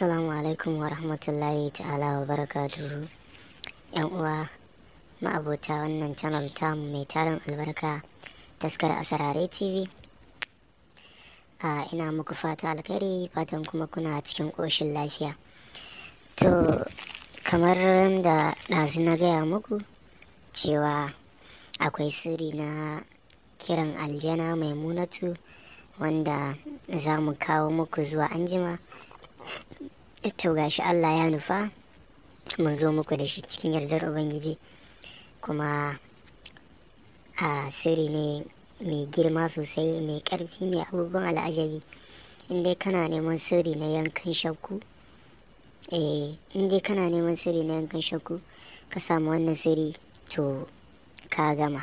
assalamu alaikum wa rahmatullahi ta'ala wa barakatuhu yan uwa ma'abota wannan channel mu mai tarin albarka taskar asarare tv a ina muku fata alkhairi fatan kuma kuna cikin koshin lafiya to kamar da ɗazu na gaya muku cewa akwai siri na kiran aljana maimunatu wanda za mu kawo muku zuwa anjima ga shi Allah ya nufa mun zo muku da shi cikin yardar ubangiji kuma a sirri ne mai girma sosai mai karfi mai abubuwan al'ajabi inda kana neman siri na yankan shakku eh inda kana neman sirri na yankan shakku ka samu wannan siri to ka gama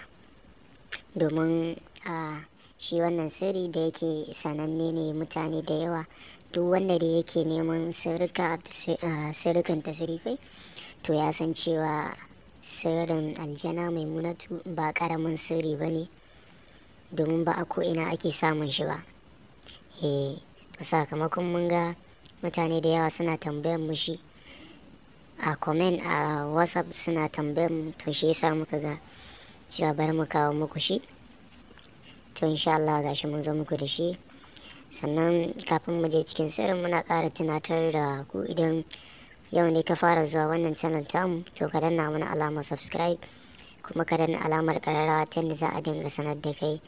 domin a shi wannan sirri da yake sananne ne mutane da yawa duk wanda da yake neman sirrikan tasirifai to ya san cewa sirrin aljana mai munatu ba karamin sirri ba ne domin ba a ko'ina ake samun shi ba eh, to sakamakon mun ga mutane da yawa suna tambayar mu a komen a whatsapp suna tambayar mu to shi yasa muka ga cewa bari mu kawo muku shi to insha Allah gashi mun zo muku da shi sannan kafin mu je cikin sirrin muna ƙara tunatar da ku idan yau ne ka fara zuwa wannan channel tamu to ka danna mana alamar subscribe kuma ka danna alamar ƙararrawa ta yadda za a dinga sanar da kai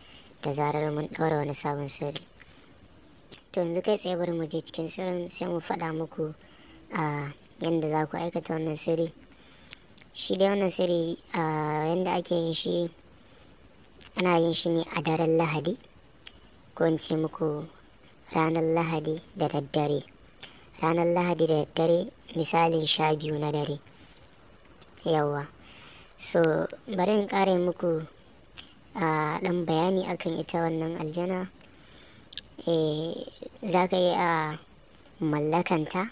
da zarar mun ɗaura wani sabon sirri to yanzu kai tsaye bari mu je cikin sirrin sai mu faɗa muku a yadda za ku aikata wannan sirri shi dai wannan sirri a yadda ake yin shi ana yin shi ne a daren lahadi ko in ce muku ranar lahadi da daddare ranar lahadi da daddare misalin sha biyu na dare yawa so bari in kare muku a dan bayani akan ita wannan aljana eh, za ka yi a mallakanta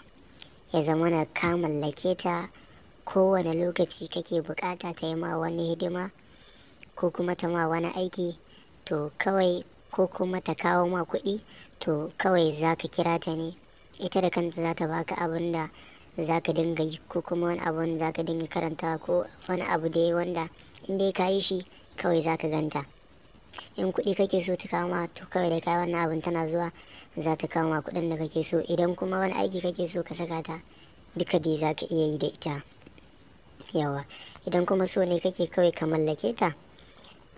ya zama na ka mallake ta kowane lokaci kake bukata ta yi ma wani hidima ko kuma ta ma wani aiki to kawai ko kuma ta kawo ma kuɗi to kawai za ka kira ta ne ita da kanta za ta baka abin da za ka dinga yi ko kuma wani abun za ka dinga karantawa ko wani abu dai wanda in dai ka yi shi kawai za ka ganta in kuɗi kake so ta kawo ma to kawai da kayan wannan abin tana zuwa za ta kawo ma kuɗin da kake so idan kuma wani aiki kake so ka saka ta duka dai za ka iya yi da ita yawa idan kuma so ne kake kawai ka mallake ta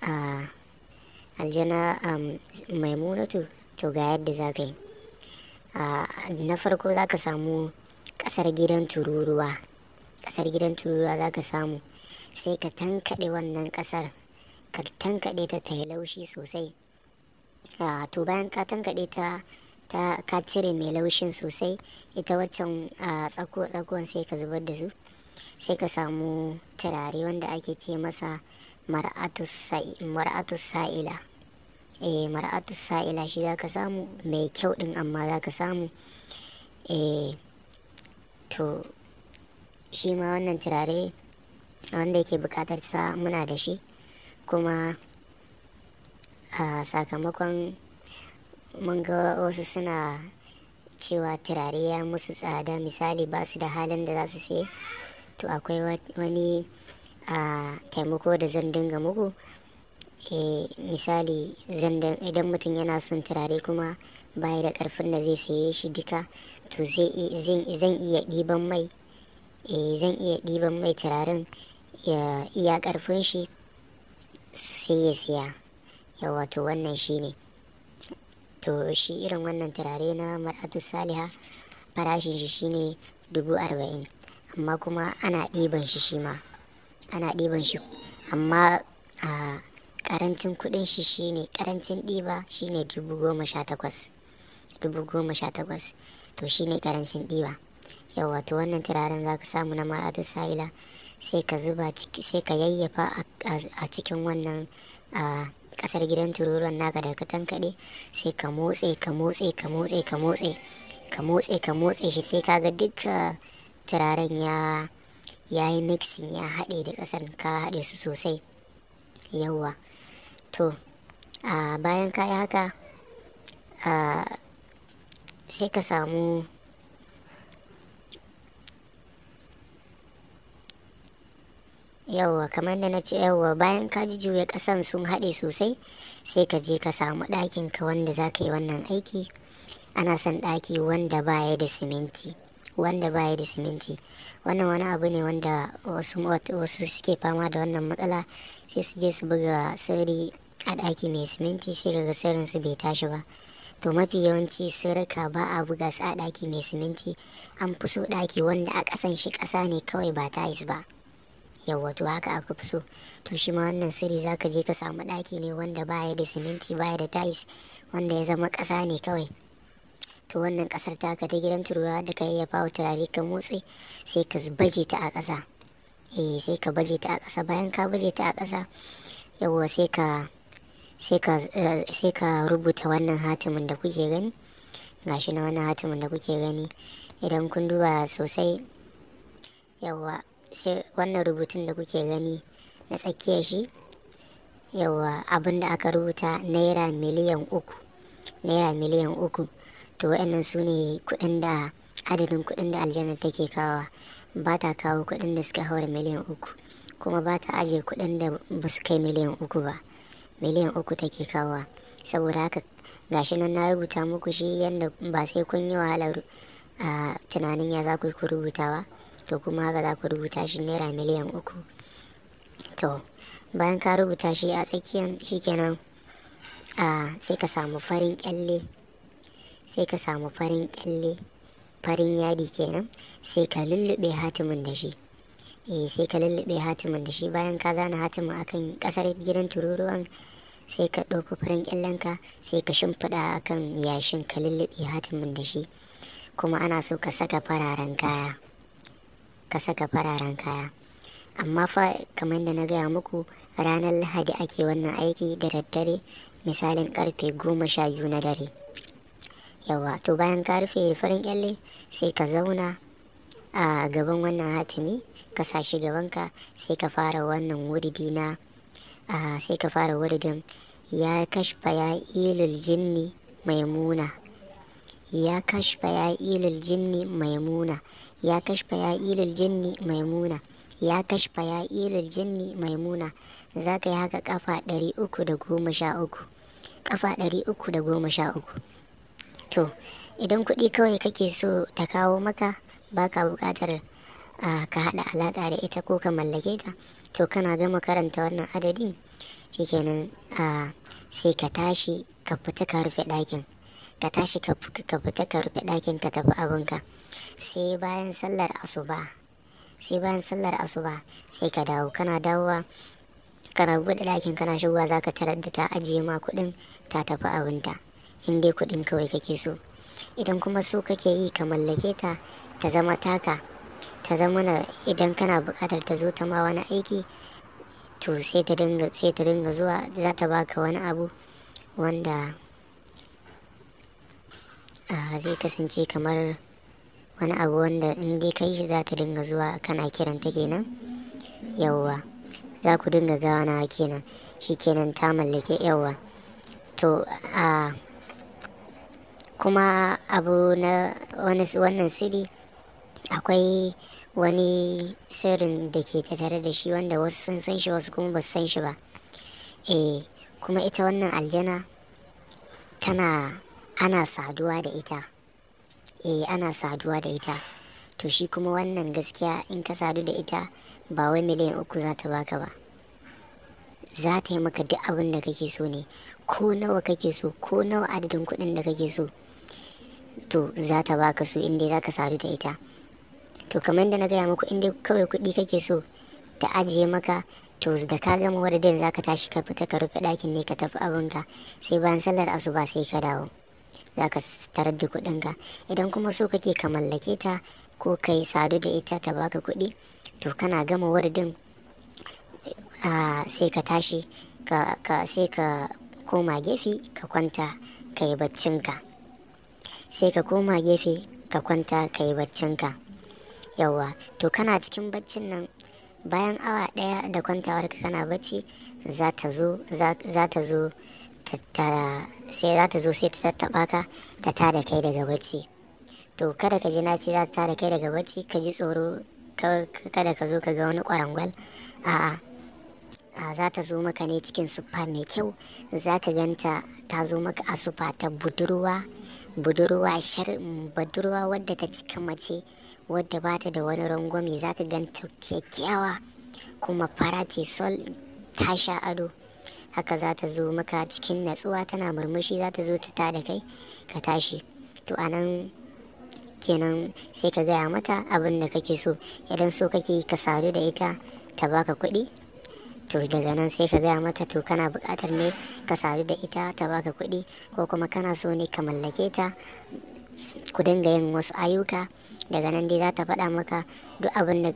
a aljana maimunatu to ga yadda za ka yi na farko za ka samu ƙasar gidan tururuwa ƙasar gidan tururuwa za ka samu sai ka tankaɗe wannan ƙasar ka tankaɗe ta ta yi laushi sosai to bayan ka tankaɗe ta ta ka cire mai laushin sosai ita waccan tsako tsakuwan sai ka zubar da su sai ka samu turare wanda ake ce masa mar'atu sa'ila eh mar'atu sa'ila shi zaka samu mai kyau din amma zaka samu eh to shi ma wannan turare wanda yake bukatar sa muna da shi kuma a sakamakon mun ga wasu suna cewa turare ya musu tsada misali ba su da halin da za su sai to akwai wani a taimako da zan dinga muku e, misali idan mutum yana son turare kuma baya da karfin da zai saye shi duka to zan iya ɗiban mai eh, zan iya ɗiban mai turaren iya karfin shi sai ya siya yawa to wannan shi ne to shi irin wannan turare na mar'atu saliha farashin shi shine dubu arba'in amma kuma ana ɗiban shi shi ma ana ɗiban shi amma a ƙarancin kuɗin shi shine ƙarancin ɗiba shine dubu goma sha takwas dubu goma sha takwas to shine ƙarancin ɗiba yawa to wannan turaren za ka samu na ta sa'ila sai ka zuba sai ka yayyafa a cikin wannan a ƙasar gidan tururuwan naka da ka tankaɗe sai ka motse ka motse ka motse ka motse ka motse ka motse shi sai ka ga duka turaren ya ya yi mixing ya haɗe da ƙasar ka haɗe su sosai yawwa to a bayan ka yi haka sai ka samu yawwa kamar da na ce yawwa bayan ka juya ƙasan sun haɗe sosai sai ka je ka samu ɗakin ka wanda za ka yi wannan aiki ana son ɗaki wanda baya da siminti wanda baya da siminti wannan wani abu ne wanda wasu suke fama da wannan matsala sai su je su buga sirri a ɗaki mai siminti sai kaga sirrin su bai tashi ba to mafi yawanci sirrika ba a buga su a ɗaki mai siminti an fi so ɗaki wanda a ƙasan shi ƙasa ne kawai ba tais ba yawwa to haka aka fi so to shi ma wannan sirri ka je ka samu ɗaki ne wanda baya da siminti baya da tais wanda ya zama ƙasa ne kawai to wannan kasar ta ka ta gidan turuwa da ka yayyafa wa turare ka motsi sai ka baje ta a ƙasa eh sai ka baje ta a ƙasa bayan ka baje ta a ƙasa yawwa sai ka eh, sai ka rubuta wannan hatimin da kuke gani gashi na wannan hatimin da kuke gani idan kun duba sosai yawa sai wannan rubutun da kuke gani na tsakiyar shi yawa abin da aka rubuta naira miliyan uku naira miliyan uku to waɗannan su ne kuɗin da adadin kuɗin da aljanna take kawo ba ta kawo kuɗin da suka haura miliyan uku kuma ba ta ajiye kuɗin da ba su kai miliyan uku ba miliyan uku take kawo saboda haka gashi nan na rubuta muku shi yadda ba sai kun yi wahalar a tunanin ya za ku yi ku rubuta ba to kuma haka za ku rubuta shi naira miliyan uku to bayan ka rubuta shi a tsakiyan shikenan a sai ka samu farin kyalle sai ka samu farin kyalle farin yadi kenan sai ka lullube hatimin da shi eh sai ka lullube hatimin da shi bayan ka zana hatimin akan kasar gidan tururuwan sai ka ɗauko farin kyallen ka sai ka shimfiɗa akan yashin ka lullube hatimin da shi kuma ana so ka saka fararen kaya ka saka fararen kaya amma fa kamar da na gaya muku ranar lahadi ake wannan aiki da daddare misalin karfe goma sha biyu na dare yawa to bayan ka rufe farin kyalle sai ka zauna a gaban wannan hatimi ka sa shi gabanka sai ka fara wannan wuridi na sai ka fara wuridin ya kashfa ya ilul jinni maimuna ya kashfa ya ilul jinni maimuna ya kashfa ya ilul jinni maimuna ya kashfa ya ilul jinni maimuna za ka yi haka kafa 313 kafa 313 to idan kuɗi kawai kake so ta kawo maka baka buƙatar ka haɗa alaƙa da ita ko ka mallake ta to kana gama karanta wannan adadin shikenan sai ka tashi ka fita ka rufe ɗakin ka tashi ka fita ka rufe ɗakin ka tafi abinka sai bayan sallar asuba sai bayan sallar asuba sai ka dawo kana dawowa kana buɗe ɗakin kana shigowa za ka tarar da ta ajiye ma kuɗin ta tafi abinta in dai kudin kawai kake so idan kuma so kake yi ka mallake ta ta zama taka ta zama na idan kana buƙatar ta zo ta ma wani aiki to sai ta dinga sai ta dinga zuwa za ta baka wani abu wanda zai kasance kamar wani abu wanda in dai kai shi za ta dinga zuwa kana kiran ta kenan yawwa za ku dinga na kenan shi kenan ta mallake yawwa to a kuma abu na wannan siri akwai wani sirrin da ke tattare da shi wanda wasu sun san shi wasu kuma ba san shi ba e kuma ita wannan aljana tana ana saduwa da ita e ana saduwa da ita to shi kuma wannan gaskiya in ka sadu da ita ba wai miliyan uku za ta baka ba za ta yi maka duk abin da kake so ne ko nawa kake so ko nawa adadin kuɗin da kake so to za ta baka su inda za ka sadu da ita to kamar da na gaya muku inda kawai kuɗi kake so ta ajiye maka to da ka gama wadadin za ka tashi ka fita ka rufe ɗakin ne ka tafi abinka sai bayan sallar asuba sai ka dawo za ka tarar da kuɗinka idan kuma so kake ka mallake ta ko ka yi sadu da ita ta baka kuɗi to kana gama wardin sai ka tashi sai ka koma gefe ka kwanta ka yi baccinka sai ka koma gefe ka kwanta ka yi baccinka yauwa to kana cikin baccin nan bayan awa daya da ka kana bacci za ta zo sai za ta zo sai ta tattaba ka ta da kai daga bacci to kada ka ji naci za ta da kai daga bacci ka ji tsoro kada ka zo ka ga wani kwarangwal a'a za ta zo maka ne cikin sufa mai kyau za ka ganta ta zo maka a sufa ta budurwa budurwa budurwa wadda ta cika mace wadda ba ta da wani rangwami, za ka ganta kyakkyawa kuma fara ce sol ta sha ado haka za ta zo maka cikin natsuwa tana murmushi za ta zo ta ta da kai ka tashi to a nan kenan sai ka gaya mata abin da kake so idan so kake ka sadu da ita ta baka kuɗi to daga nan sai ka gaya mata to kana bukatar ne ka sadu da ita ta baka kuɗi ko kuma kana so ne ka mallake ta ku dinga yin wasu ayyuka daga nan dai za ta faɗa maka duk abin da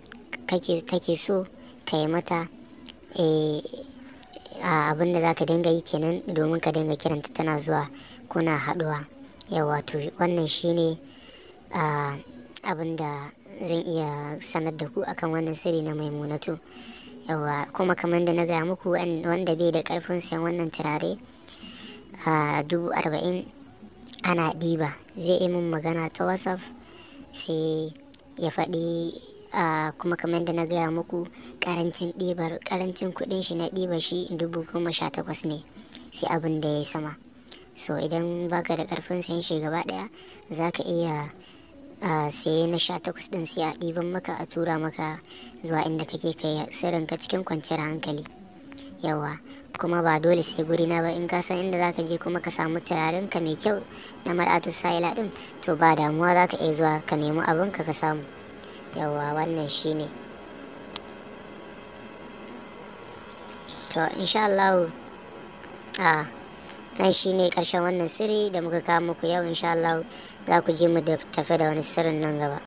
take so ka yi mata eh, abin da za ka dinga yi kenan domin ka dinga kiranta tana zuwa kuna haɗuwa yawa to wannan shine abin da zan iya sanar da ku akan wannan sirri na maimunatu yawa kuma kamar da na gaya muku wanda bai da karfin sayan wannan turare a dubu arba'in ana ɗiba zai yi min magana ta whatsapp sai ya faɗi kuma kamar da na gaya muku karancin ɗibar karancin kuɗin shi na ɗiba shi dubu goma sha takwas ne sai abin da ya sama so idan baka da karfin sayan shi gaba ɗaya za ka iya sai na sha takwas ɗin sai a ɗiban maka a tura maka zuwa inda kake kai ka cikin kwanciyar hankali yawa kuma ba dole sai guri na ba in ka san inda zaka je kuma ka samu turaren ka mai kyau na mar'atu sa'ila din to ba damuwa zaka iya zuwa ka nemi abin ka ka samu yawa wannan shine to insha Allah a nan shine karshen wannan sirri da muka kawo muku yau insha Allah za ku je mu da tafe da wani sirrin nan gaba